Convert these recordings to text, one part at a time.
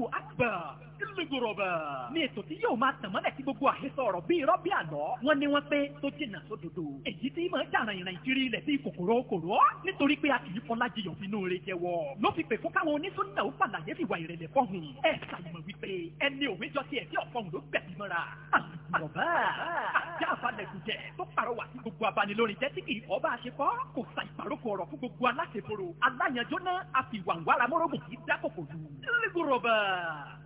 Allahu Akbar ìlúgorọ̀bà. ní ètò tí yóò máa tàn mọ́lẹ̀ sí gbogbo àhesọ ọ̀rọ̀ bíi irọ́ bíi àlọ́. wọ́n ní wọ́n pé tó jìnnà sódodo. èyí tí máa jàrán ìrìn kiri ilẹ̀ sí kòkòrò okòrò. nítorí pé a kì í fọlá jiyàn sínú rẹ jẹ́wọ́. ló fi pè fún káwọn onísúnnà ó pàlàyé fìwà ìrẹ̀lẹ̀ fọ́hùn. ẹ ṣàyẹ̀mọ̀ wípé ẹni òwe jọ ti ẹ̀ bàbá àjá àfàlẹ̀kùjẹ tó pàrọwà sí gbogbo abanilórin jẹ́ tí kì í ọba àṣepọ̀ kò sa ìpàrókò ọ̀rọ̀ fún gbogbo aláṣeporo aláyanjó náà àfìwàǹwàrà mọ́rọ́gùn kì í dákòkò lù. lẹ́gbọ̀rọ̀bà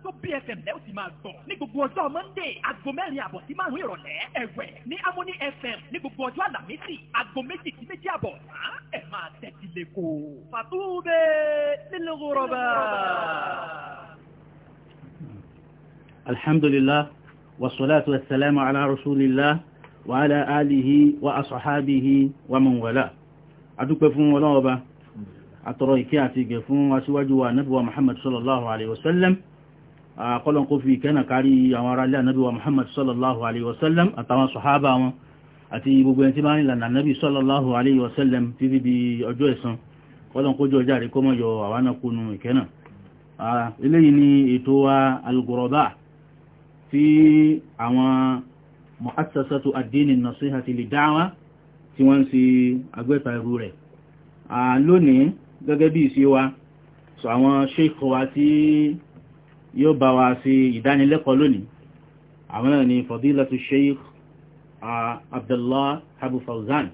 tó bí fm lẹ́ o ti máa gbọ̀ ní gbogbo ọjọ́ monday aago mẹ́rin àbọ̀ sí márùn-ún ìrọ̀lẹ́ ẹ̀wẹ̀ ní amóní fm ní gbogbo ọjọ́ àlàmísì aago méjì sí méjì àbọ̀ ẹ máa tẹ́tí lẹ́kọ̀ọ́. alhamdulillah. والصلاة والسلام على رسول الله وعلى آله وأصحابه ومن والاه أدوك فون ولا أبا أترى إكياتي فون وسواجوا نبوة محمد صلى الله عليه وسلم أقول أنكم في كان كاري أمر الله نبوة محمد صلى الله عليه وسلم أتوى صحابة أتي بقوين تباني لأن النبي صلى الله عليه وسلم تذي بأجوة kọ́lọ̀kójọ járe kọ́mọ̀ yọ àwọn akúnnù ìkẹ́nà. eléyìí ni ètò wa al-Ghuraba tí àwọn mu'assasatu ad-din an-nasihati lid-da'wa tí wọ́n ń ṣe agbẹ́ta irú rẹ̀ lónìí gẹ́gẹ́ bí ìṣe wa sọ àwọn sheikh wa tí yóò bá wa ṣe ìdánilẹ́kọ̀ọ́ lónìí àwọn náà ni fadilatu sheikh Abdullah Habu Fawzan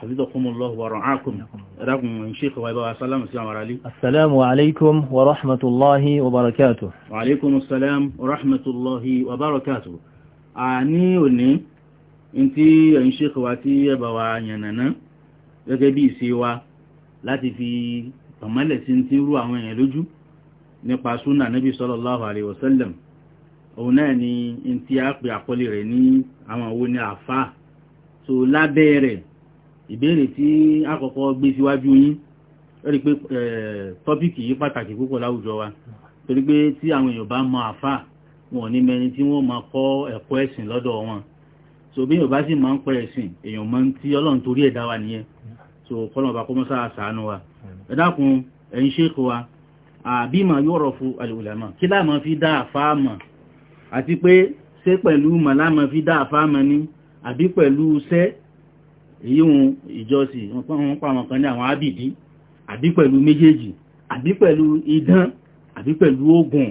hafizakumullahu wa ra'akum ẹ̀dàkùn ṣíkọ̀ wa ibáwa sálámù sí àwọn aráalé. assalamu alaikum wa rahmatullahi wa barakatuh. wa alaikum assalam wa rahmatullahi wa barakatuh. a ní òní in tí ẹ̀yin ṣíkọ̀ wa tí ẹbàwa yànnàná gẹ́gẹ́ bí ìṣe wa láti fi tọ̀mọ́lẹ̀ sí ti rú àwọn èèyàn lójú nípa súnà nabi sallallahu alaihi wasallam òun náà ni in tí a pè àkọlé rẹ̀ ní àwọn owó ní àfáà so lábẹ́ rẹ̀ ìbéèrè tí àkọ́kọ́ gbé síwájú yín rí pé tọ́pìkì yìí pàtàkì púpọ̀ láwùjọ wa torí pé tí àwọn èèyàn bá mọ àfà wọn ní mẹni tí wọ́n máa kọ́ ẹ̀kọ́ ẹ̀sìn lọ́dọ̀ wọn so bí èèyàn bá sì máa ń pẹ́ ẹ̀sìn èèyàn máa tí ọlọ́run torí ẹ̀dá wa nìyẹn so kọ́nà ọba kọ́mọ́ sáà sàánú wa ẹ dákun ẹ̀ ń ṣèkọ wa àbí mà yóò rọ̀ fún al-ulama kí láàmà fi dá àfà mọ̀ àti pé ṣé pẹ̀lú mà fi dá àfà mọ̀ ni àbí pẹ̀lú ṣẹ́ èyí hun ìjọsìn wọ́n pa àwọn kan ní àwọn ábìdí àbí pẹ̀lú méjèèjì àbí pẹ̀lú idán àbí pẹ̀lú oògùn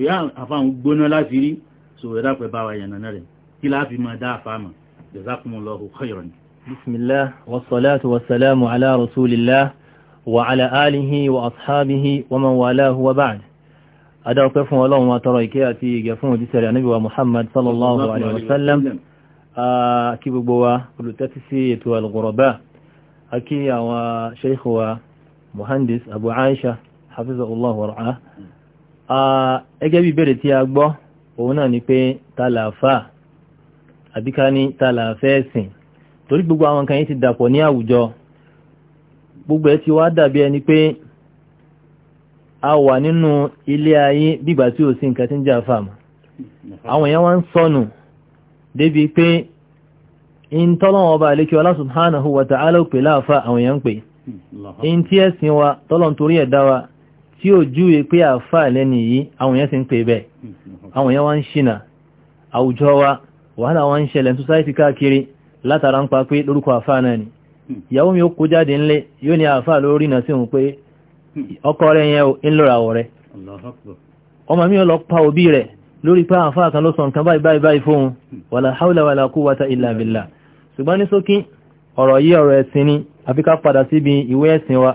ìyá àfáhùn gbóná láti rí so ẹ̀dàpẹ̀ bá wa yànnà rẹ̀ kí láàfi máa dá àfáàmà jazakumullahu adáwọ̀pẹ́ fún ọlọ́run wa tọrọ ìkẹ́ àti ìgẹ̀ fún òjísẹ̀rẹ̀ anábíwa muhammad sallallahu alaihi wasallam kí gbogbo wa olùtẹ́tí sí ètò al-Ghuraba a kí àwọn sheikh wa muhandis abu aisha hafizahullah wara'ah ẹgẹ́ bí bẹ̀rẹ̀ tí a gbọ́ òun náà ni pé tàlàfà àbíká ní tàlàfẹ́ ẹ̀sìn torí gbogbo àwọn kan yìí ti dàpọ̀ ní àwùjọ gbogbo ẹ ti wá dàbí ẹni pé a wà nínú ilé ayé bígbà tí ò sí nǹkan tí ń jà fáàmù àwọn èèyàn wá ń sọnù débi pé in tọ́lọ́wọ́ ọba àlékí ọlá subhanahu wa ta'ala pè láàfà àwọn èèyàn pè in tí wa tọ́lọ́n torí ẹ̀dá dáwa tí ó júwe pé àfà lẹ́ni yìí àwọn èèyàn sì ń pè bẹ́ẹ̀ àwọn èèyàn wá ń ṣìnà àwùjọ wa wàhálà wá ń ṣẹlẹ̀ society káàkiri látara ń pa pé lórúkọ àfà náà ni ìyàwó mi ọkọ yẹn ń lọ lórí pé àfáà kan ló sọ nǹkan báyìí báyìí báyìí fóun wàlà haúlà wàlà quwwata illa billah ṣùgbọ́n ní sókí ọ̀rọ̀ yí ọ̀rọ̀ ẹ̀sìn ni àfi ká padà síbi ìwé ẹ̀sìn wa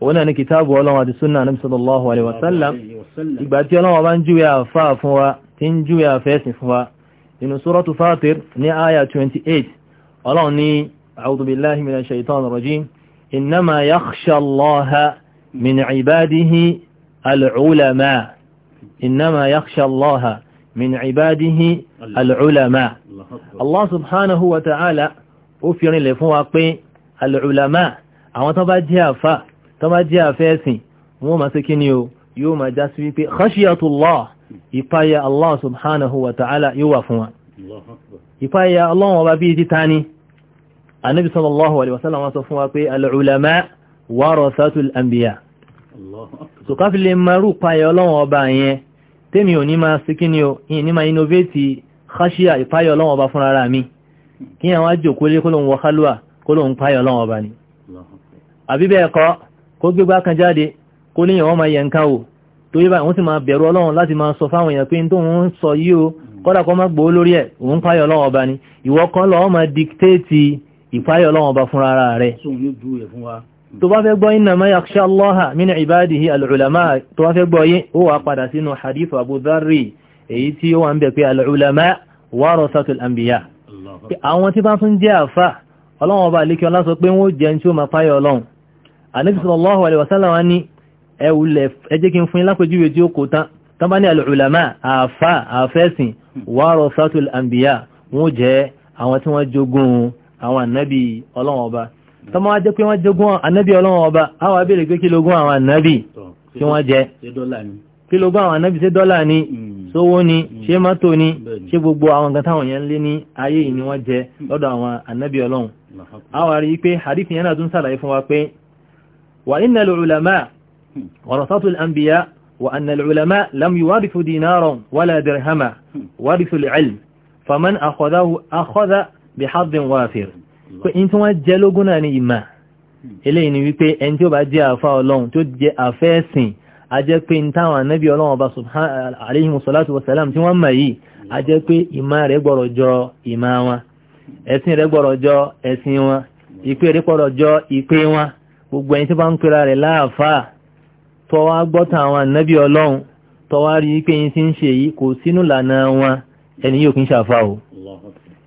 òun náà ní kìtáàbù ọlọ́run àti súnà Ànábì sallallahu alaihi wasallam 28 ọlọ́run ní a'udhu billahi minash shaitanir rajim innama yakhsha Allaha min ibadihi إنما يخشى الله من عباده العلماء الله سبحانه وتعالى أفير لفواق العلماء àwọn tó bá jẹ́ àfá tó bá jẹ́ àfẹ́ẹ̀sìn wọ́n ma sí kí ni o yóò ma já sí wípé khashiyatullah ìpáyà Allah subhanahu wa ta'ala yóò wà fún wa ìpáyà Allah wọn bá bí i títà ní anábi sallallahu alaihi wasallam wọ́n sọ fún wa pé al-ulama warathatul anbiya sòkáfí lè máa rú payẹ ọlọ́wọ̀n ọba yẹn tèmi ò ní máa sí ni o yìí ní máa innovate khashia ìpayẹ ọlọ́wọ̀n ọba fúnra rà mí kí àwọn àjòkó lé kólóhun wọ kálúà kólóhun payẹ ọlọ́wọ̀n ọba ni àbí bẹ́ẹ̀ kọ́ kó gbégbá kan jáde kó níyàn wọ́n máa yẹ nǹkan o tó yẹ báyìí wọ́n sì máa bẹ̀rù ọlọ́run láti máa sọ fáwọn èèyàn pé n tó ń sọ yìí o kọ́dà kọ́ má gbòó lórí ẹ̀ òun payọ̀ ọlọ́run ọba ni ìwọ kan lọ́wọ́ máa dictate ìpayọ̀ ọlọ́run ọba fúnra rẹ̀ tó bá fẹ́ gbọ́ innama yakhsha Allaha min ibadihi al-ulama tó bá fẹ́ gbọ́ yí ó wà padà sínú hadith Abu Dharri èyí tí ó wà ń bẹ̀ pé al-ulama warasatul anbiya àwọn tí bá tún jẹ́ àfà ọlọ́wọ́n ọba àlékí ọlá sọ pé wọ́n jẹ́ tí ó máa páyọ ọlọ́run Ànábì sallallahu alaihi àwọn tí wọ́n tọ́mọ́ wá jẹ́ pé wọ́n jogún ànábì ọlọ́run ọba àwọn abẹ́rẹ́ pé kí lógún àwọn ànábì tí wọ́n jẹ́ kí lógún àwọn ànábì ṣé dọ́là ni sówó hmm. ni hmm. ṣé mọ́tò ni ṣé gbogbo àwọn nǹkan táwọn yẹn ń lé ní ayé yìí ni wọ́n jẹ lọ́dọ̀ àwọn ànábì ọlọ́run àwọn àrí pé hadith yẹn náà tún sàlàyé fún wa pé wà inna al-ulama warasatu al-anbiya wa anna al-ulama hmm. lam yuwarithu dinaran wala dirhama warithu al-ilm faman akhadahu akhadha bihadhin wafir pé in tí wọ́n jẹ́ lógún náà ni ìmà eléyìí ni wípé ẹni tí ó bá jẹ́ àfa ọlọ́run tó jẹ́ àfẹ́ ẹ̀sìn a jẹ́ pé n táwọn anábì ọlọ́run ọba alayhimu salatu wasalam tí wọ́n mọ̀ yìí a jẹ́ pé ìmà rẹ̀ gbọ́rọ̀ jọ ìmà wọn ẹ̀sìn rẹ̀ gbọ́rọ̀ jọ ẹ̀sìn wọn ìpè rẹ̀ gbọ́rọ̀ jọ ìpè wọn gbogbo ẹni tí bá pera rẹ̀ láàfáà tọwa gbọ́ta àwọn ànábì ọlọ́run tọwa rí pé yín ti ń ṣe yìí kò sínú lànà wọn ẹni yóò kí ń ṣàfáà o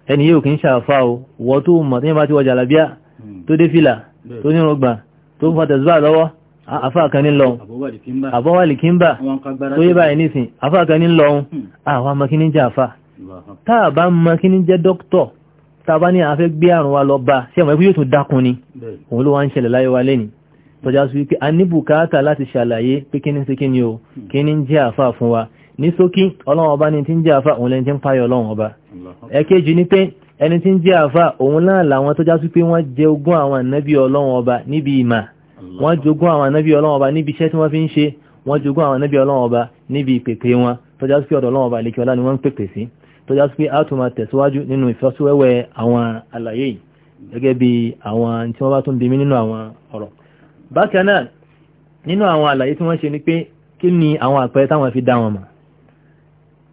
ẹni yóò kì ń ṣàfà o wọ́n tó mọ̀ tí yẹn bá ti wọ jàlábíà hmm. tó dé fìlà tó ní rọgbà tó ń fa tẹ̀síbà lọ́wọ́ afáàkan ní lọ́un àbọ́wàlì kí ń bà tó yé báyìí nísìn afáàkan ní lọ́un àwọn hmm. amakíní jẹ́ àfà táà bá makíní jẹ́ dókítọ̀ tàbá ní àfẹ́ gbé àrùn wa lọ bá sí àwọn ẹkú yóò tún dákun ni òun ló wá ń ṣẹlẹ̀ láyé wa lẹ́ni tọ́já sí wípé a ní bùkátà láti ṣàlàyé pé kíní sí kíní o hmm. kíní jẹ́ àfà fún wa ní sókí ọlọ́run ọba ní tí ń jẹ́ àfà òun lẹ́ni tí ń páyọ ọlọ́run ọba ẹ̀kejì ní pé ẹni tí ń jẹ́ àfà òun náà làwọn tó jásí pé wọ́n jẹ ogún àwọn ànábì ọlọ́run ọba níbi ìmà wọ́n jogún àwọn ànábì ọlọ́run ọba níbi iṣẹ́ tí wọ́n fi ń ṣe wọ́n jogún àwọn ànábì ọlọ́run ọba níbi ìpèpè wọn tó jásí ọ̀dọ̀ ọlọ́run ọba lèkì ni wọ́n ń pèpè sí tó jásí pé a tún máa tẹ̀síwájú nínú ìfọ́síwẹ́wẹ́ àwọn àlàyé yìí gẹ́gẹ́ bí àwọn tí wọ́n bá tún bí mí nínú àwọn ọ̀rọ̀ bákan náà nínú àwọn àlàyé tí wọ́n ṣe ni pé kí ni àwọn àpẹẹrẹ táwọn fi dá wọn mọ̀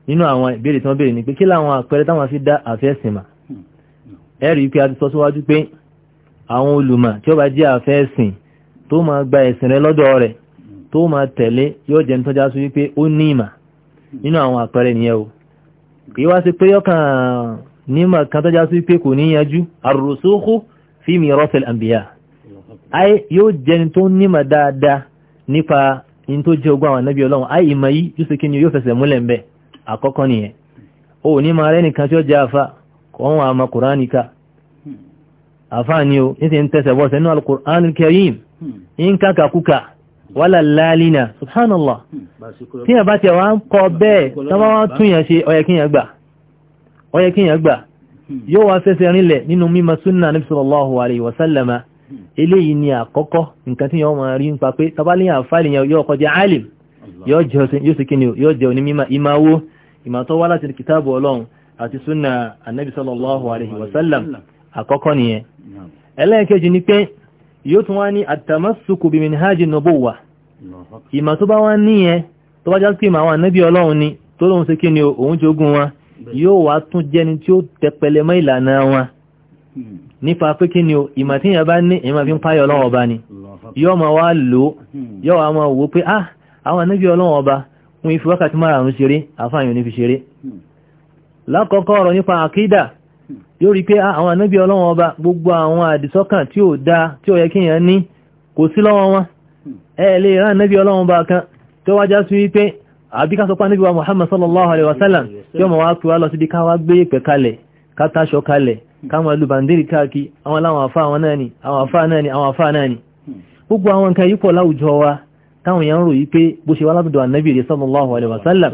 nínú àwọn ìbéèrè tí wọ́n béèrè ni pé kí láwọn àpẹẹrẹ táwọn fi dá àfẹ́sìn mà ẹ rí i pé a ti sọ síwájú pé àwọn olùmọ̀ tí ó bá jẹ́ àfẹ́sìn tó máa gba ẹ̀sìn rẹ lọ́dọ̀ rẹ̀ tó máa tẹ̀lé yóò jẹ́ nítorí aṣọ wípé ó ní ìmà nínú àwọn àpẹẹrẹ nìyẹn o kì í wá sí pé ọkàn nímọ̀ kan tọ́jà sí wípé kò ní yanjú àròsókó fi mirathil anbiya ayé yóò jẹni tó nímọ̀ dáadáa nípa in tó jẹ́ ogún àwọn ànábì ọlọ́run ayé ìmọ̀ yìí ni yóò fẹsẹ̀ múlẹ̀ ń bẹ́ẹ̀ àkọ́kọ́ nìyẹn o ní máa rẹ́ nìkan tí ó jẹ́ afá kọ́ wọn àmà kùránì ká afá ni o ní ti ń tẹsẹ̀ bọ́ sẹ́nu al-Qur'an al-Karim hmm. ń káka kúka wàlá lálínà subhanallah tí yẹn bá tiẹ̀ wá ń kọ bẹ́ẹ̀ tọ́wọ́ wá tún yẹn ṣe ọyẹ kíyàn gbà ọyẹ kíyàn gbà hmm. yóò wá fẹsẹ̀ rinlẹ̀ nínú mímọ̀ súnà nabi sallallahu alayhi wa sallama hmm. eléyìí ni àkọ́kọ́ nǹkan tí yọ́ máa rí ń pa pé tabalíyàn àfáàlì yẹn yóò kọjá alim yóò jẹ́ onímọ̀ ìmáwó ìmọ̀tọ́ wá láti kìtàbù ọlọ́run àti súnà anábì sallallahu alaihi wasallam àkọ́kọ́ nìyẹn ẹlẹ́ẹ̀kejì ni pé yóò tún wá ní àtàmásùkù bí minhajin nubuwa ìmọ̀ tó bá wá níyẹn tó bá jásí ìmọ̀ àwọn anábì ọlọ́run ni tó lóun ṣe kí ni òun jogun wọn yóò wá tún jẹni tí ó tẹpẹlẹ mọ́ ìlànà wọn nípa pé wọ́n fi wákàtí márààrún ṣeré àfáàyàn ní fi ṣeré hmm. lákọ̀ọ́kọ́ ọ̀rọ̀ nípa àkídà hmm. yóò rí pé ah, àwọn ànábì ọlọ́wọ́n ọba gbogbo àwọn àdìsọ́kàn tí ò da tí ò yẹ kí èèyàn ní kò sí lọ́wọ́ wọn hmm. ẹ lè rán ọba kan tó wájá sí wípé wa Muhammad sallallahu alaihi wasallam yóò mọ̀ wá pé wá lọ síbi gbogbo àwọn nǹkan yípo láwùjọ wa táwọn èèyàn rò yí pé bó ṣe wá látọ̀dọ̀ ànábì rẹ̀ sallallahu alaihi wasallam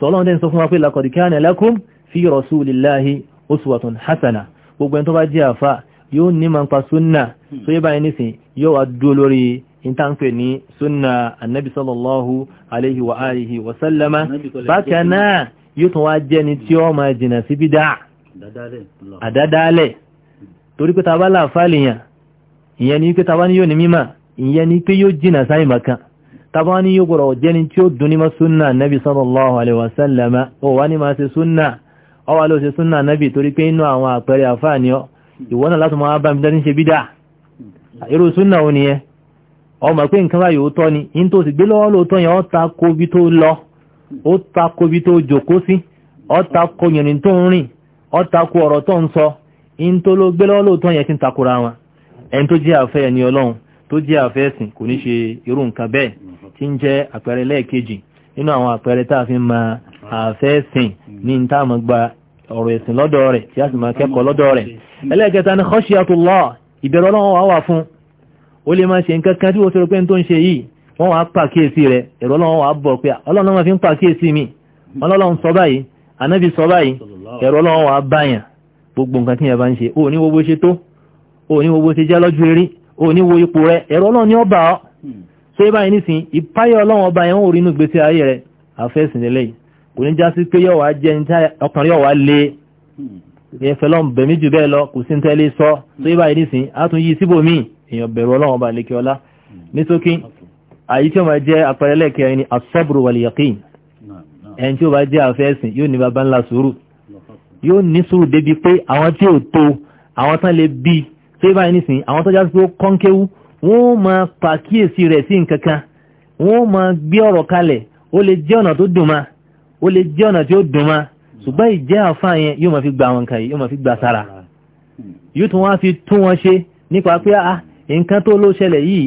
sọlọ́run dẹ́n sọ fún wa pé laqad kana lakum fi rasulillahi uswatun hasana gbogbo ẹni tó bá jẹ́ àfà yóò ní ma ń pa súnà tó yẹ báyìí nísìn yóò wá dúró lórí ìtànpẹ̀ ní súnà ànábì sallallahu alaihi wa alihi wasallama bákan náà yóò tún wá jẹ́ ni tí ó máa jìnà sí bídà àdádálẹ̀ torí pé ta bá láàfáà lèèyàn ìyẹn ni pé ta bá ní yóò ní mímà ìyẹn ni pé yóò jìnà sáyìn bàkan tabani yóò gbọ́rọ̀ jẹ́ni tí ó duni ní ma súnà nabi sallallahu alaihi wasallama o wa ni ma se suna ọ nabi torí pé inú àwọn àpẹẹrẹ àfáàní ọ ìwọ náà láti máa bá mi dání ṣe bídà suna súnà ò nìyẹn ọ mọ̀ pé nǹkan báyìí ó tọ́ ni in tó sì gbé lọ́wọ́ lóòótọ́ yẹn ó ta ko bí tó lọ ó ta ko tó jòkó sí ta ko yìnrìn tó ń rìn ta ko ọ̀rọ̀ tó ń sọ in tó gbé lọ́wọ́ yẹn ti ń wọn ẹni tó jẹ́ àfẹ́sìn kò ní ṣe irú nǹkan bẹ́ẹ̀ tí ń jẹ́ àpẹẹrẹ lẹ́ẹ̀kejì nínú àwọn àpẹẹrẹ tá a fi ma àfẹ́sìn ní ní táàmù gba ọ̀rọ̀ ẹ̀sìn lọ́dọ̀ rẹ̀ tí a sì máa kẹ́kọ̀ọ́ lọ́dọ̀ rẹ̀ ẹlẹ́ẹ̀kẹta ni khashiyatullah ìbẹ̀rù ọlọ́run wà wà fún ó lè máa mi ọlọ́run sọ báyìí anábì sọ báyìí ẹ̀rọ ọlọ́run wàá báyàn gbogbo nǹkan tí yẹn bá ń ṣe ó ní ò ní wo ipò rẹ ẹ̀rọ ọlọ́run ní ọba ọ́ ṣé báyìí nísìn ìpáyọ̀ ọlọ́run ọba yẹn ń rí inú gbèsè ayé rẹ àfẹ́sìn lélẹ́yìn kò ní já sí pé yóò wá jẹ́ ní ọkùnrin yóò wá lé hmm. ẹ̀fẹ́ lọ́n bẹ̀mí jù bẹ́ẹ̀ lọ kò sí ní tẹ́lẹ̀ sọ ṣé báyìí nísìn á tún yí síbò míì èèyàn bẹ̀rù ọlọ́run ọba lékè ọlá hmm. ní sókí àyí tí ó máa jẹ́ àpẹẹrẹ tó yẹ báyìí nísìnyí àwọn tọ́jà tó kọ́ńkéwú wọ́n máa pàkíyèsí rẹ̀ sí nǹkan kan wọ́n máa gbé ọ̀rọ̀ kalẹ̀ ó lè jẹ́ ọ̀nà tó dùn ma ó lè jẹ́ ọ̀nà tí ó dùn ma ṣùgbọ́n ìjẹ́ àfáà yẹn yóò máa fi gba àwọn nǹkan yìí yóò máa fi gba sára yóò tún wá fi tún wọn ṣe nípa pé ah nǹkan tó ló ṣẹlẹ̀ yìí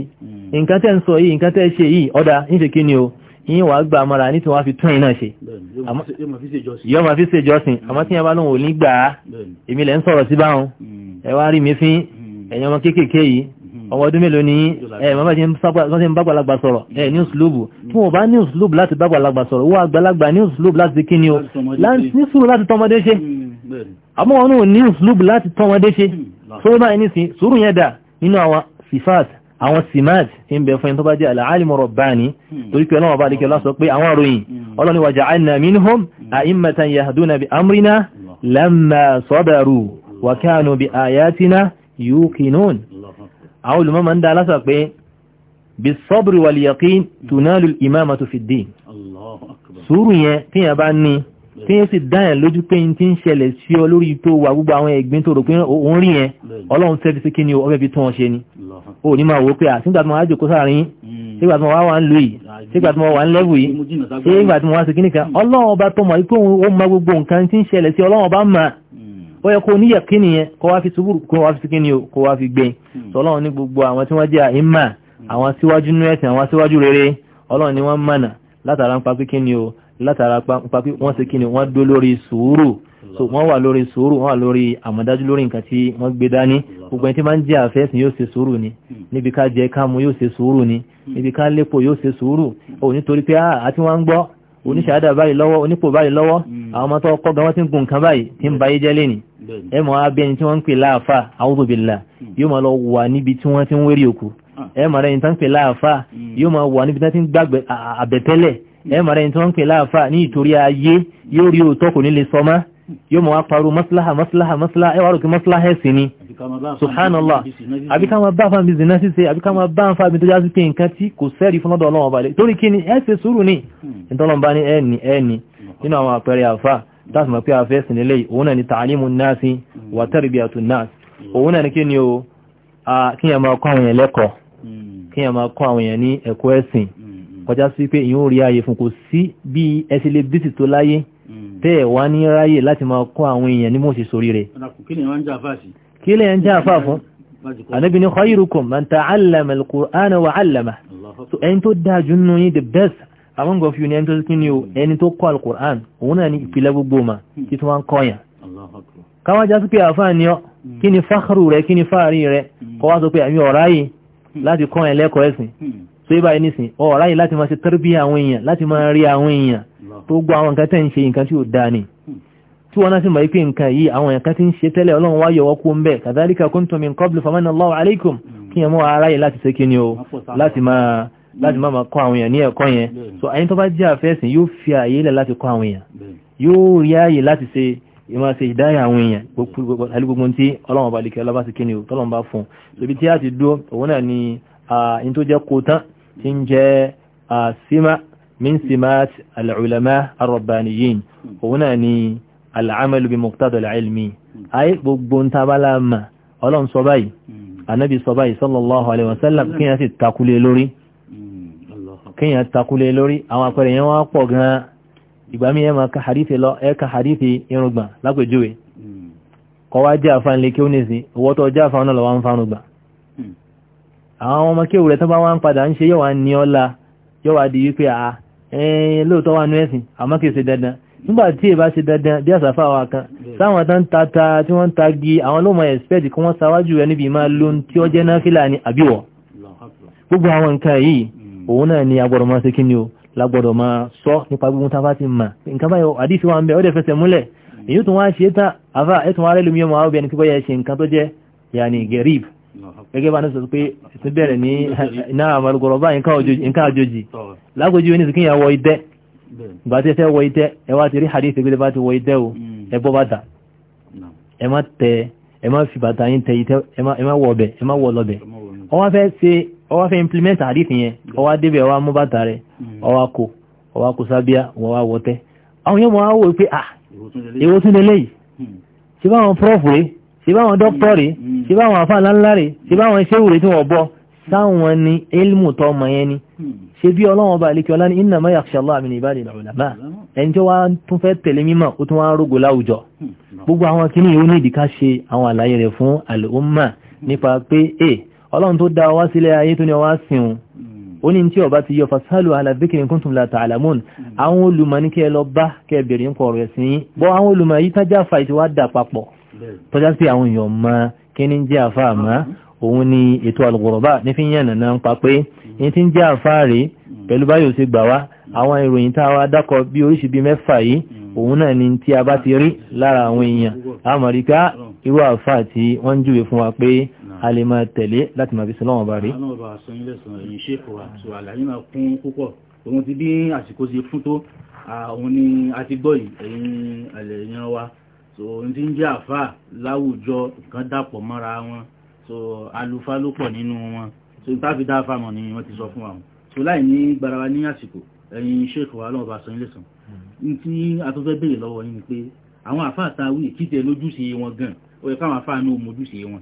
nǹkan tẹ́ ń sọ yìí nǹkan tẹ́ ṣe yìí ọ̀dà níṣe kí ni o yín wàá gba amára ní tí wọ́n á fi tún iná ṣe yóò máa fi ṣèjọsìn àmọ́ tí yẹn bá lóun ò ní gbà á èmi lẹ́ ń sọ̀rọ̀ sí báwọn mm. ẹ wá rí mi fín ẹ̀yin ọmọ kéékèèké yìí mhm. ọmọ ọdún mélòó ni ẹ̀ mọ́mọ́ ti ń bágbàlagbà sọ̀rọ̀ ẹ̀ ní òṣìlóòbù mhm. tí wọ́n bá ní òṣìlóòbù láti bágbàlagbà sọ̀rọ̀ wọ́n àgbàlagbà ní òṣìlóòbù láti kí ni o ní sùúrù láti tọmọdé ṣe mhm, àmọ́ wọn ní òṣìlóòbù láti tọmọdé ṣe sọ́rọ̀ báyìí ní sin sùúrù yẹn dà nínú àwọn sifat àwọn simat ń bẹ fún ẹni tó bá jẹ́ aláàlìmọ̀ rọ̀báni torí pé ọlọ́wọ́ bá lè kí ọlá sọ pé àwọn àròyìn ọlọ́ni wa ja'alna minhum a'immatan yahduna bi amrina lamma sabaru wa kanu bi yuqinun àwọn olùmọ̀ máa ń dá lásà pé bí sọ́bùrù wà lìyàkín tunalu imamatu fi ddin sùúrù yẹn tí yẹn bá ní tí yẹn sì dá yẹn lójú pé tí ń ṣẹlẹ̀ sí ọ lórí tó wà gbogbo àwọn ẹ̀gbin tó rò pé òun rí yẹn ọlọ́run fẹ́ fi sí kíni ọbẹ̀ fi tún wọn ṣe ni ó ní máa wò pé àtúntà tí wọ́n á jòkó sáàrin sígbà hmm. tí wọ́n wá ń lò yìí sígbà tí wọ́n wà ń lẹ́wù yìí sígbà tí wọ́n wá sí kíníkan hmm. ọlọ́run ọba tó mọ̀ wípé òun ó mọ gbogbo nǹkan tí ń ṣẹlẹ̀ sí ọlọ́run ọba máa ó yẹ kó níyẹ̀ kí nìyẹn kó wá fi sùúrù kó wá fi sí kíni o kó wá fi gbé hmm. sọlọ́run ní gbogbo àwọn tí wọ́n jẹ́ àìmà hmm. àwọn síwájú nú ẹ̀sìn àwọn síwájú rere ọlọ́run ni wọ́n mọ̀nà látara ń so wọ́n wà lórí sùúrù wọ́n wà lórí àmọ̀dájú lórí nǹkan tí wọ́n gbé dání gbogbo ẹni tí máa ń jẹ́ àfẹ́sìn yóò ni hmm. níbi ká jẹ ká mu ni níbi ká lépo yóò ṣe sùúrù o nítorí pé ah, àti wọ́n ń gbọ́ oníṣàádà báyìí lọ́wọ́ onípò báyìí lọ́wọ́ àwọn ọmọ tó kọ́ gan wọ́n ti ń gun nǹkan báyìí tí ń bayé jẹ́ lénìí ẹ mọ̀ abẹ́ ẹni tí wọ́n ń pè láàfà àwùjọbìlà hmm. yóò máa lọ wà níbi tí wọ́n ti ń wérí òkú ah. ẹ mọ̀ ẹni tí wọ́n ń pè láàfà hmm. yóò máa wà níbi tí wọ́n ti ń gbàgbẹ́ àbẹ̀tẹ́lẹ̀ hmm. ẹ mọ̀ ẹni tí wọ́n ń pè láàfà ní ìtorí ayé yóò rí òótọ́ kò ní lè sọ yóò mọ̀ wá parú maslaha maslaha ẹ wà rò kí maslaha ni subhanallah àbí ká máa bá fa bìsìn náà ṣíṣe àbí ká máa bá fa mi tó já nǹkan tí kò sẹ́rí fún lọ́dọ̀ ọlọ́wọ́ balẹ̀ torí kí ni ẹ ṣe sùúrù ni ìtọ́lọ́mbá ni ẹ ní ẹ ní nínú àwọn àpẹẹrẹ àfáà táàsì mọ̀ pé a fẹ́ sìn lélẹ̀ òun náà ni tààlímù náàsì wà tẹ́rìbíàtù náàsì òun náà ni kí ni o kí yẹn máa kọ́ àwọn èèyàn lẹ́kọ̀ọ́ kí yẹn máa kọ́ àwọn èèyàn ní ẹ̀kọ́ ẹ̀sìn kọjá sí pé ìyún rí ààyè fún kò sí bí ẹsẹ̀ lè bísì tó láyé tẹ́ wá ní ráyè láti máa kọ́ àwọn èèyàn ní mọ̀ọ́sì sórí rẹ̀ kí lè ẹni tó dáa nínú yín the best among of you ní ẹni tó kí ni o ẹni tó kọ́ alukur'an òun náà ni ìpìlẹ̀ gbogbo ma kí tó wá ń kọ́yàn káwá já sí pé àfáà ni ọ hmm. kí ni fáhàrù rẹ kí ni fáàrí rẹ hmm. kọ́ wá sọ pé àmì ọ̀rá yìí hmm. láti kọ́ ẹ̀ lẹ́kọ̀ọ́ ẹ̀sìn tó ibà yìí nísìn ọ̀rá yìí láti máa ṣe tẹ́rẹ́bí àwọn èèyàn láti máa rí àwọn èèyàn tó gbọ́ àwọn nǹkan tẹ́ ń ṣe nǹkan tí ò dáa ni tí wọ́n náà sì mọ̀ pé nǹkan yìí àwọn èèyàn kan ti ń ṣe tẹ́lẹ̀ ọlọ́run wáyọ̀ wọ́kú ń bẹ̀ kadhalika kuntum min qablu famanallahu alaykum kí ẹ̀ mọ́ ara yìí láti ṣe kí ni o láti máa láti máa kọ́ àwọn èèyàn ní ẹ̀kọ́ yẹn so ẹni tó bá jẹ́ àfẹ́sìn yóò fi ààyè ilẹ̀ láti kọ́ àwọn èèyàn yóò rí ààyè láti ṣe ìmọ̀ ṣe ìdáyà àwọn èèyàn pẹ̀lú gbogbo tí ọlọ́run bá lèkẹ́ ọlọ́bá sí kí ni o tọ́lọ́run bá fún lóbi tí a ti dúró òun náà ni in tó jẹ́ kó tán tí ń jẹ́ sima min simat al-ulama ar-rabbaniyin òun náà ni al-amalu bi kíyàn takulẹ̀ lórí àwọn àpẹẹrẹ yẹn wọ́n pọ̀ gan-an ìgbà mi ẹ máa ka hadithi lọ ẹ ka hadithi irùngbọ̀n lápèjúwe kọ́ wá jẹ́ àfáàn lè kí ó nìsín owó tó jẹ́ àfáàn náà lọ́wọ́ ń fánu gbà àwọn ọmọ kéwù rẹ̀ tó bá wá padà ń ṣe yóò ní ọlá yóò di wípé a lóòótọ́ wà nú ẹ̀sìn àmọ́ kìí ṣe dandan nígbà tí èbá ṣe dandan bí àṣàfà wa kan sáwọn tán tata tí wọ́n ta gi àwọn ló mọ ẹ̀sìpẹ́ẹ̀tì kí wọ́n sáwájú rẹ níbi máa lo ohun tí ó jẹ́ náfìlà ní àbíwọ̀ gbogbo àwọn nǹkan yìí òun náà ni agbọ́dọ̀ máa ṣe kí ni o lágbọ́dọ̀ máa sọ nípa gbogbo o, a bá ti ma nǹkan báyọ̀ àdìsí wa ń bẹ ó fẹsẹ̀ múlẹ̀ èyí tó wá ṣe tán àfà ẹ̀tùn ara ẹlòmí ọmọ àwọn obìnrin kíkọ́ yẹ ṣe nǹkan tó jẹ́ yàní gẹ́gẹ́ bá ní sọ pé ti bẹ̀rẹ̀ ní bá nǹkan àjòjì ní wọ idẹ́ ìgbà tí ẹ fẹ́ wọ idẹ́ ẹ wá ti rí bá o ẹ bọ́ bàtà ẹ má tẹ ẹ má fi bàtà yín tẹ ẹ má wọ ọbẹ̀ ọwá fẹ́ implement àdìsí yẹn ọwá débẹ̀ ọwá mú bàtà rẹ̀ ọwá hmm. kò ọwá kò sábíà ọwá wọtẹ́ àwọn yẹn mọ̀ á wò pé ah èwo tún lélẹ́yìí hmm. ṣé báwọn prọ́fù rẹ̀ ṣé báwọn dókítọ̀ rẹ̀ hmm. ṣé báwọn àfa ńláńlá rẹ̀ ṣé báwọn ṣéwù rẹ̀ tí wọ́n bọ́ sáwọn ni ilmu tó mọ̀ yẹn ni ṣe bí ọlọ́wọ́n bá alikẹ́ ọlá ní innama yakhsha Allah min ibadil ulama ẹni tí wọ́n tún fẹ́ tẹ̀lé mímọ̀ ó tún wá rógò láwùjọ gbogbo àwọn kìnnìyàn ní ìdíkà ṣe àwọn àlàyé rẹ̀ fún al-umma nípa pé eh ọlọ́run tó dá wá sílẹ̀ ayé tó ní ọwá sínú hmm. ó ní tí ọba ti yọ fasalu alabikiri kuntum la ta'lamun hmm. àwọn olùmọ̀ ní kẹ́ lọ bá kẹ́ bèèrè ń pọ̀ rẹ̀ sí bọ́ àwọn olùmọ̀ yìí tájá fà ìtì wá dà papọ̀ tọ́já sí àwọn èèyàn mọ́ kí ní jẹ́ àfà àmọ́ hmm. òun ni ètò alùgbọ̀rọ̀bà ní fi yàn nàná ń pa pé ní ti ń jẹ́ àfà rè pẹ̀lú báyò sí gbà wá àwọn ìròyìn tá a wá dákọ̀ bí oríṣi bíi mẹ́fà yìí òun náà ni tí a bá ti rí lára àwọn èèyàn àmọ́ ah, irú àfà tí wọ́n ń júwe fún wa pé a lè máa tẹ̀lé láti máa fi sin lọ́wọ́n bá rí. àwọn ọba àsọyìn lẹ́sàn-án èyí ṣe kò àtò àlàyé máa so ohun tí ń jẹ́ so alufa ló pọ̀ nínú so n táfi dá ni wọ́n ti sọ fún àwọn so láì ní gbarawa ní àsìkò ẹ̀yin sheikh wa lọ́wọ́ bá sọ ilé sàn n tí a tó fẹ́ béèrè lọ́wọ́ yín ni pé àwọn àfà ta wí kíjẹ lójúṣe wọn gan ó yẹ káwọn àfà ní òun wọn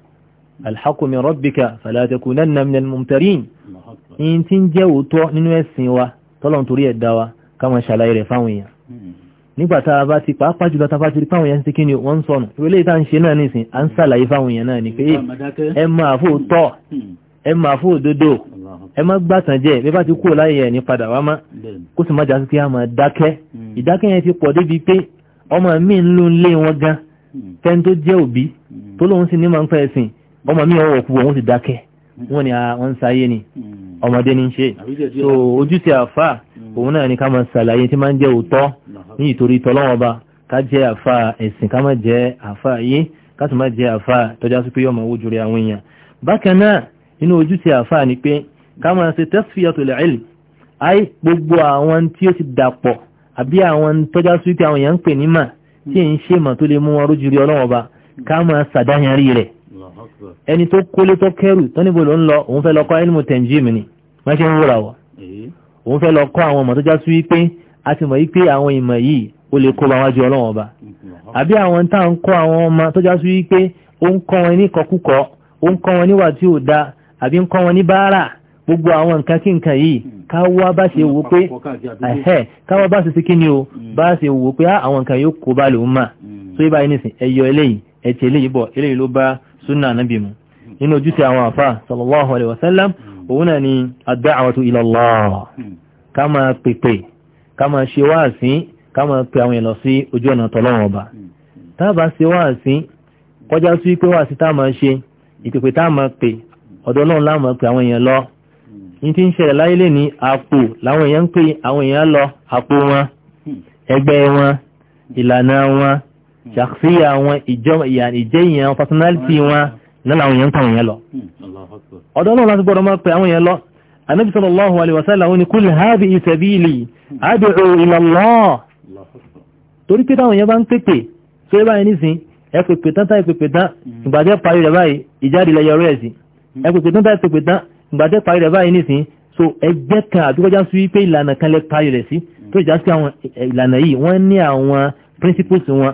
alhaqu min rabbika fala takunanna minal mumtarin in ti ń jẹ́ òótọ́ nínú ẹ̀sìn wa tọ́lọ́n torí ẹ̀dá wa káwọn ṣàlàyé rẹ̀ fáwọn èèyàn nígbà tá a bá ti pàápàá jùlọ tá a bá ti rí fáwọn èèyàn ti kí ni wọ́n ń sọnù ìwélé ìta ń ṣe náà nìsín à ń ṣàlàyé fáwọn èèyàn náà ni pé ẹ máa fò tọ́ ẹ máa fò dodo ẹ má gbàtàn jẹ bí bá ti kúrò láyé ẹ̀ ní padà wá má kó sì má jà sí pé a máa dákẹ́ hmm. ìdákẹ́ yẹn ti pọ̀ débi pé ọmọ mi ń lò ń lé wọn gan hmm. fẹ́ni tó jẹ́ òbí hmm. tó lóun sì ní máa ń fẹ́ ẹ̀sìn ọmọ mi ọwọ́ kú wọn ti dákẹ́ wọn ah, ni wọn hmm. ń sáyé ni ọmọdé ní ṣe so ojúṣe àfà hmm. òun náà ni ká máa ṣàlàyé tí máa ń jẹ́ òótọ́ ní ìtorí tọ́lọ́wọ́n ọba ká jẹ́ àfà ẹ̀sìn ká má jẹ́ àfà yé ká sì má jẹ́ àfà tọ́já sí pé ọmọ ojú rẹ̀ àwọn èèyàn bákan náà nínú ojúṣe àfà ni pé ká máa ṣe tasfiyatul ilm àì gbogbo àwọn tí ó ti dàpọ̀ àbí àwọn tọ́já sí pé àwọn èèyàn ń pè ní mà tí hmm. èyí ṣe mà tó lè mú wọn rójú rí ọlọ́wọ́n ọba ká máa ṣàdáyanrí rẹ̀ ẹni tó kólé tó kẹrù tó níbo ló ń lọ òun fẹ́ lọ kọ́ ilmu tanjim ni wọ́n ṣe ń wúra wọ̀ eh. òun fẹ́ lọ kọ́ àwọn ọmọ tó já sí wípé a ti mọ̀ wípé àwọn ìmọ̀ yìí ó lè kó báwájú ọlọ́wọ́n ọba àbí àwọn tá à ń kọ́ àwọn ọmọ tó já wípé ó ń kọ́ wọn ní kọkúkọ ó ń kọ́ wọn níwà tí ò da àbí ń kọ́ wọn ní báárà gbogbo àwọn nǹkan kí nǹkan yìí ká wá bá ṣe wò pé ẹ̀hẹ́ ká wá bá ṣe sí kí o hmm. bá ṣe wò pé ah, àwọn nǹkan yóò kó bá lòun mà tó hmm. yí báyìí nìsín ẹyọ eléyìí ẹtì eléyìí bọ̀ eléyìí ló bá súnà anábì mu nínú ojúṣe àwọn àfà sallallahu alaihi wasallam òun náà ni ad-da'watu ila Allah ká máa pèpè ká máa ṣe wáàsí ká máa pe àwọn èèyàn sí ojú ọ̀nà tọ́lọ́wọ̀n ọba tábà ṣe wáàsí kọjá sí pé wáàsí tá máa ṣe ìpèpè tá máa pè ọ̀dọ̀ Ọlọ́run lá máa àwọn èèyàn lọ ní tí ń ṣẹlẹ̀ láyé lè ní àpò láwọn èèyàn ń pè àwọn èèyàn lọ àpò wọn ẹgbẹ́ wọn ìlànà wọn ṣàkṣíyà hmm. wọn ìjẹyìn wọn personality hmm. wọn náà làwọn èèyàn ń tàwọn èèyàn lọ hmm. ọ̀dọ́ náà láti gbọ́dọ̀ máa pẹ àwọn èèyàn lọ anábì sallallahu alaihi wasallam ní kul hadhihi sabili ad'u ila Allah torí pé táwọn èèyàn bá ń pèpè tó yẹ báyìí nísìn ẹ pèpè tán tá ẹ pèpè tán ìgbàdé parí rẹ̀ báyìí ìjáde lẹ́yọ rẹ̀ sí ẹ pèpè tán tá ẹ pèpè tán ìgbàdé parí rẹ̀ báyìí nísìn principles wọn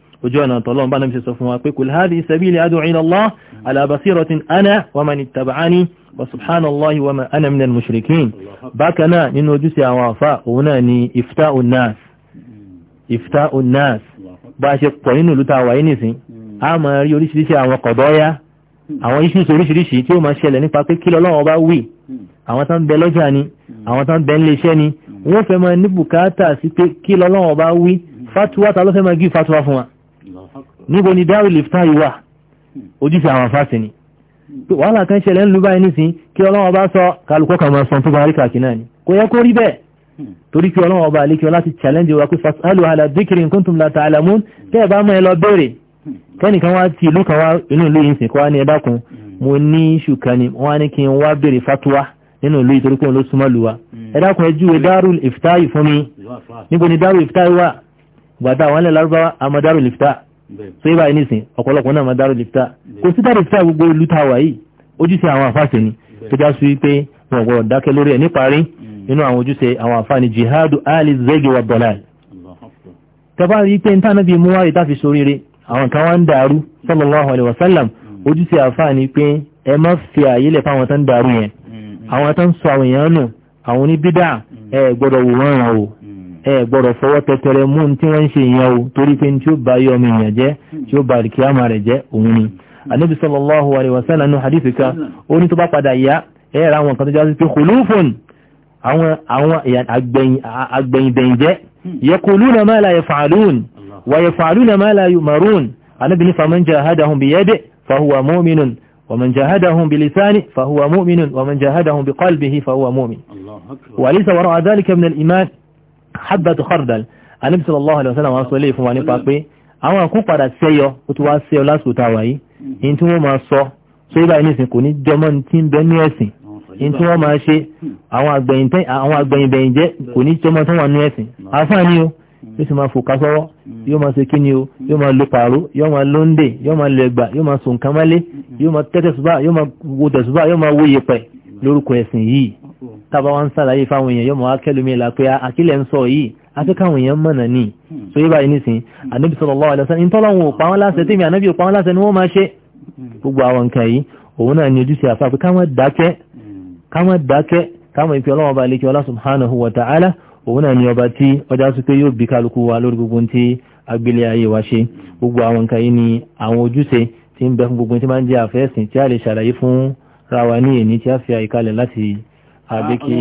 ojú ọ̀nà tọ́lọ́n bá nàbí sọ fún wa pé kul hadhihi sabili ad'u ila Allah ala basiratin ana wa man ittaba'ani wa subhanallahi wa ma ana minal mushrikin bákan náà nínú ojúṣe àwọn àfà òun náà ni ifta'un nas ifta'un nas bá a ṣe pọ̀ nínú ìlú tàwa yìí nìsín a máa rí oríṣiríṣi àwọn kọ̀dọ́yá àwọn issues oríṣiríṣi tí ó máa ṣẹlẹ̀ nípa wọ́n fẹ́ máa ní bùkátà sí pé kí lọ́lọ́wọ́ bá wí fatuwa ta ló gí fatuwa fún wa níbo ni dáwì lè fún ìwà ojúṣe àwọn afáṣe ni pé wàhálà kan ṣẹlẹ̀ ń lu báyìí nísìn kí ọlọ́wọ́n bá sọ kálukọ́ kan máa san tó bá rí challenge wa pé fasalu ala dhikri in kuntum la ta'lamun tẹ́ ẹ̀ bá mọ́ ẹ lọ béèrè kẹ́nìkan wá ti ìlú kan wá inú ìlú yìí ni wọ́n á ní kí n wá béèrè fatuwa nínú ìlú ìtorí pé òun ló súnmọ́ lu wa ẹjú darul iftahi fún mi níbo ni darul iftahi wà gbàdá àwọn ilẹ̀ lárúbáwá àmọ́ darul iftahi so yíba yìí nísìn ọ̀pọ̀lọpọ̀ náà máa dárò lèpítà kò sí dárò lèpítà gbogbo ìlú tá a wà yìí ojúṣe àwọn àfáàṣẹ ni tó já sí pé wọn gbọ́dọ̀ dákẹ́ lórí ẹ̀ níparí hmm. nínú àwọn ojúṣe àwọn àfáàní jihadu ali zegi wa dalal tẹ́fà rí pé níta náà bí mú wáyé tá fi soríire àwọn kan wá ń dàrú sallallahu alaihi wasallam hmm. ojúṣe àfáàní pé ẹ má fi àyè lẹ̀ fáwọn tán dàrú yẹn hmm. àwọn tán sọ àwọn èèyàn nù àwọn oníbídà ẹ gbọ́dọ̀ wò wọ́n ràn wò ẹ gbọ́dọ̀ fọwọ́ tẹtẹrẹ mú tí wọ́n ń ṣe ìyẹn o torí pé tí ó bá yọ ọmọ èèyàn jẹ́ tí ó bá kìámà rẹ̀ jẹ́ òun ni anabi sallallahu alaihi wasallam nínú hadithi kan ó ní tó bá padà yá ẹ ra àwọn kan tó jásí pé khulufun àwọn àwọn agbẹ̀yìnbẹ̀yìn jẹ́ yaquluna ma ومن جاهدهم بلسانه فهو مؤمن ومن جاهدهم بقلبه فهو مؤمن وليس وراء ذلك من الإيمان habbatu khardal Ànábì sallallahu alaihi wasallam wọ́n sọ ilé ìfún wa nípa pé àwọn àkún padà sẹ́yọ ó ti wá sẹ́yọ lásìkò tá a wà yìí in mm-hmm. tí wọ́n máa sọ tó yíba yìí nìsín kò ní jọmọ́ tí ń bẹ ní ẹ̀sìn in tí wọ́n máa ṣe hmm. àwọn àgbẹ̀yìnbẹ̀yìn jẹ́ kò ní jọmọ́ tó wà ní ẹ̀sìn hmm. àfáàní o hmm. yóò sì máa fòkà sọ́wọ́ yóò máa ṣe kíni o yóò máa lo pààrọ̀ yóò máa lóńdè yóò máa lẹ̀gbà yóò máa sùn kámálé yóò máa tẹ́tẹ̀sùbá yóò máa wo tẹ̀sùbá yóò máa wo yẹpẹ̀ lórúkọ tábà wá ń sàlàyé fáwọn èèyàn yóò mọ̀ akẹ́lùmí ìlà pé àkílẹ̀ ah, ń sọ yìí akẹ́kọ̀ọ́ èèyàn mọ̀nà ní hmm. so yí báyìí nísìn hmm. ànábì sallallahu alaihi wasallam ìtọ́lọ́wọ̀n òpá wọn láṣẹ tí mi ànábì òpá wọn láṣẹ ni wọ́n máa ṣe hmm. gbogbo àwọn nǹkan yìí òun náà ni ojúṣe àfà pé káwọn dákẹ́ káwọn dákẹ́ káwọn ìpè ọlọ́wọ́n bá lékè ọlá subhanahu wa ta'ala ni ọba tí ọjà sí pé yóò bí kálukú wa lórí gbogbo tí ni àwọn ojúṣe tí ń lè ṣàlàyé fún àbí ah, kí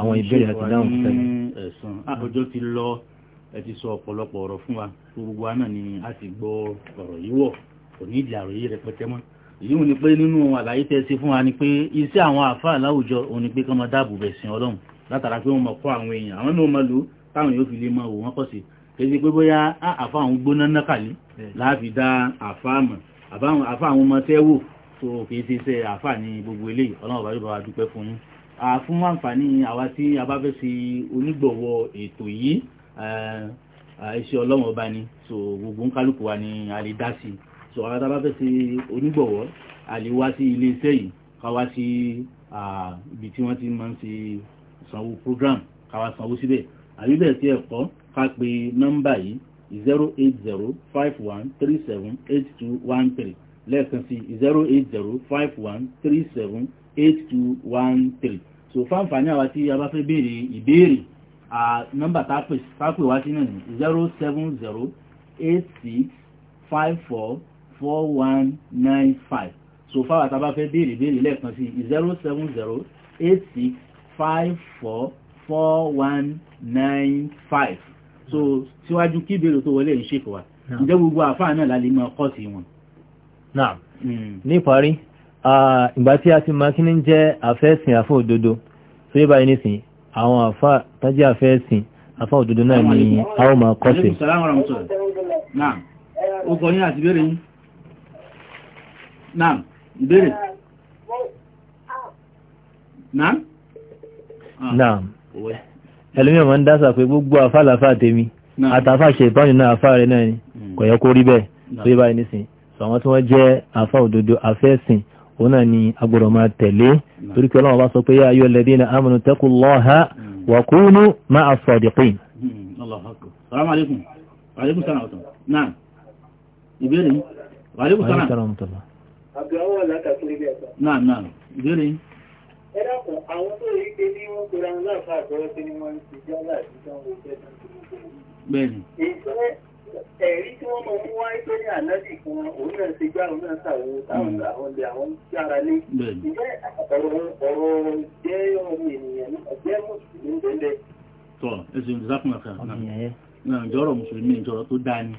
àwọn ìbéèrè àti dáhùn ti tẹ̀lé. ẹ̀sán ah, ọjọ́ ti lọ ẹ ti sọ ọ̀pọ̀lọpọ̀ ọ̀rọ̀ fún wa gbogbo wa náà ni a ti gbọ́ ọ̀rọ̀ yìí wọ̀ kò ní ìdí àròyé rẹpẹtẹ mọ́ èyí wọn ni pé nínú àlàyé tẹ́ ṣe fún wa ni pé iṣẹ́ àwọn àáfàá láwùjọ òun ni pé kí wọ́n máa dáàbò bẹ̀ sìn ọlọ́run látara pé wọ́n máa kọ́ àwọn èèyàn àwọn náà máa lò táwọn yóò fi lè máa wò wọ́n pọ̀ sí kéde kì í ṣe iṣẹ́ àfa ní gbogbo eléyìí fún àǹfààní àwa tí a bá fẹ́ ṣe onígbọ̀wọ́ ètò yìí eh, eh, iṣẹ́ ọlọ́wọ́n ọba ni so gbogbo ń kálukú wa ni a lè dá sí so àwa tá a bá fẹ́ ṣe onígbọ̀wọ́ a lè wá sí ilé iṣẹ́ yìí ká wá sí ibi tí wọ́n ti máa ń ṣe sanwó program ká wá sanwó síbẹ̀ àbí bẹ́ẹ̀ tí ẹ ká pe nọ́mbà yìí zero eight zero five one three seven eight two one three lẹ́ẹ̀kan sí zero eight zero five one three seven eight two one three so fáǹfààní àwa tí a bá fẹ́ béèrè ìbéèrè nọ́mbà tápè wá sí náà ní zero seven zero eight six five four four one nine five so fáwọn àtàbá fẹ́ béèrè béèrè lẹ́ẹ̀kan sí zero seven zero eight six five four four one nine five so síwájú kí ìbéèrè tó wọlé yìí ṣèkọ wa ǹjẹ́ gbogbo àfáà náà la lè máa kọ́ sí wọn náà hmm. ní ìparí ìgbà tí a ti máa kí ní jẹ́ àfẹ́sìn àfẹ́ òdodo tó yé báyìí nísìn àwọn àfà tájí àfẹ́sìn àfẹ́ òdodo náà ni a ó máa kọ́sẹ̀. ọkọ̀ yín àti ìbéèrè yín náà ìbéèrè náà náà ẹlòmí ọmọ ń dásà pé gbogbo àfà làfà tèmi àtàfà ṣe ìbáyìí náà àfà rẹ̀ náà ni hmm. kọ̀yọ́ kó rí bẹ́ẹ̀ tó yé báyìí nísìn sọ̀wọ́n tí wọ́n jẹ́ afá òdodo afẹ́sìn òun náà ni agbọ̀dọ̀ máa tẹ̀lé torí pé ọlọ́run bá sọ pé yá ayọ́ hmm. wa kunu ma'a sadiqin. Hmm. ẹ̀rí tí wọ́n máa mú wáyé pé ní ànábì kan òun náà ti gbá òun náà ṣàwo táwọn hmm. àwọn ilé àwọn yára lé ǹjẹ́ ọ̀rọ̀ ọ̀rọ̀ jẹ́ ọmọ ènìyàn náà jẹ́ mùsùlùmí lẹ́lẹ́. tọ ẹsẹ ìdíjákùn àfẹ náà ìjọrọ mùsùlùmí ìjọrọ tó dáa ni.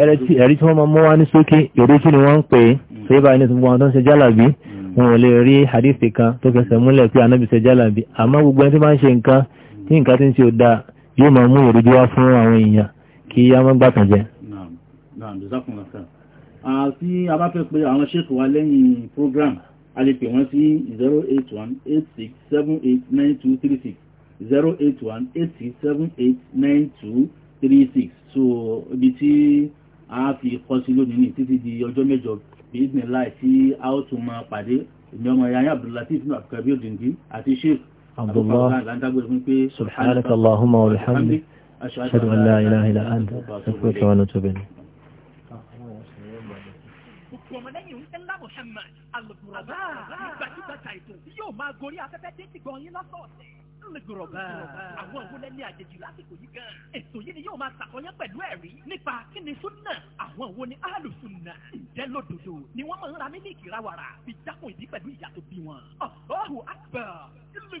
ẹ̀rí tí wọ́n máa mú wá ní sókè èrè kí ni wọ́n ń pè é hmm. ṣé báyìí ní gbogbo àwọn tó ń ṣe jálàbí hmm. wọn ò lè rí hadithi kan tó fẹsẹ̀ múlẹ̀ pé ànábì ṣe jálàbí àmọ́ gbogbo ẹni tó bá ń ṣe nǹkan tí nǹkan ti ń ṣe ò dáa yóò máa mú ìrújú wá fún àwọn èèyàn kí a mọ́ gbàtàn jẹ́. tí a bá fẹ́ pé àwọn ṣètò wa lẹ́yìn program a lè pè wọ́n sí zero eight one eight six seven eight nine two three six zero eight one eight six seven eight nine two three six so ibi tí a fi kọ́ sí lónìí ní títí di ọjọ́ mẹ́jọ bíi ní láì tí a ó tún máa pàdé ìmọ̀ ọmọ yaya abdullatif ibn abdulkabi odindi àti sheikh abdullahi landagbere أشهد أن لا إله إلا أنت أستغفرك وأتوب إليك Muhammad aluguraba gbajúgbajà ètò tí yóò máa gorí afẹ́fẹ́ dé ti gan yín lọ́sọ̀ọ̀sẹ̀. aluguraba àwọn ìwúlẹ̀ ní àjèjì lásìkò yìí gan. ètò yìí ni yóò máa ṣàkọyán pẹ̀lú ẹ̀rí nípa kíni súnà àwọn wo ni áàlù súnà. ǹjẹ́ lódodo ni wọ́n máa ń ra mílíkì ra wàrà fi jákun ìdí pẹ̀lú ìyàtọ̀ bí wọn. ọ̀gbọ́n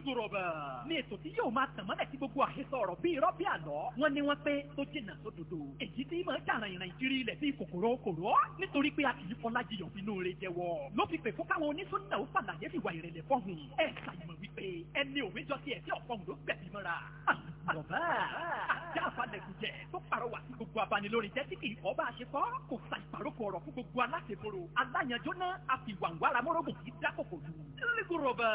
غربا ní ètò tí yóò máa tàn mọ́lẹ̀ sí gbogbo àhesọ ọ̀rọ̀ bíi irọ́ bíi àlọ́ wọ́n ní wọ́n pé tó jìnnà tó dodo èyí tí máa jàrán ìrìn ìjírí ilẹ̀ bíi kòkòrò kòrò nítorí pé a kì í fọlá jiyàn bínú rẹ jẹ́wọ́ ló fi pè fún káwọn onísúnnà ó fàlàyé fìwà ìrẹ̀lẹ̀ fọ́hùn ẹ̀ ṣàyẹ̀mọ̀ wípé ẹni òwe jọ àrọ̀bá àjá àfàlẹ̀kùjẹ tó pàrọwà sí gbogbo abanilórin jẹ́ tí kì í ọba àṣepọ̀ kò sa ìpàrókò ọ̀rọ̀ fún gbogbo aláṣeporo aláyanjó náà àfìwàǹwára mọ́rọ́gùn kì í dákòkò jù. lẹ́gùrọ̀bà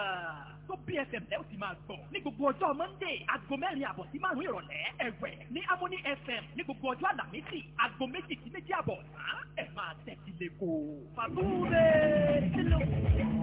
tó bsm lẹ́ o ti máa gbọ̀ ní gbogbo ọjọ́ monday aago mẹ́rin àbọ̀ sí márùn-ún ìrọ̀lẹ́ ẹ̀wẹ̀ ní amóní fm ní gbogbo ọjọ́ àlàmísì aago méjì sí méjì àbọ̀ ẹ máa tẹ̀sílẹ̀ kó. fàbúrẹ́ sílẹ̀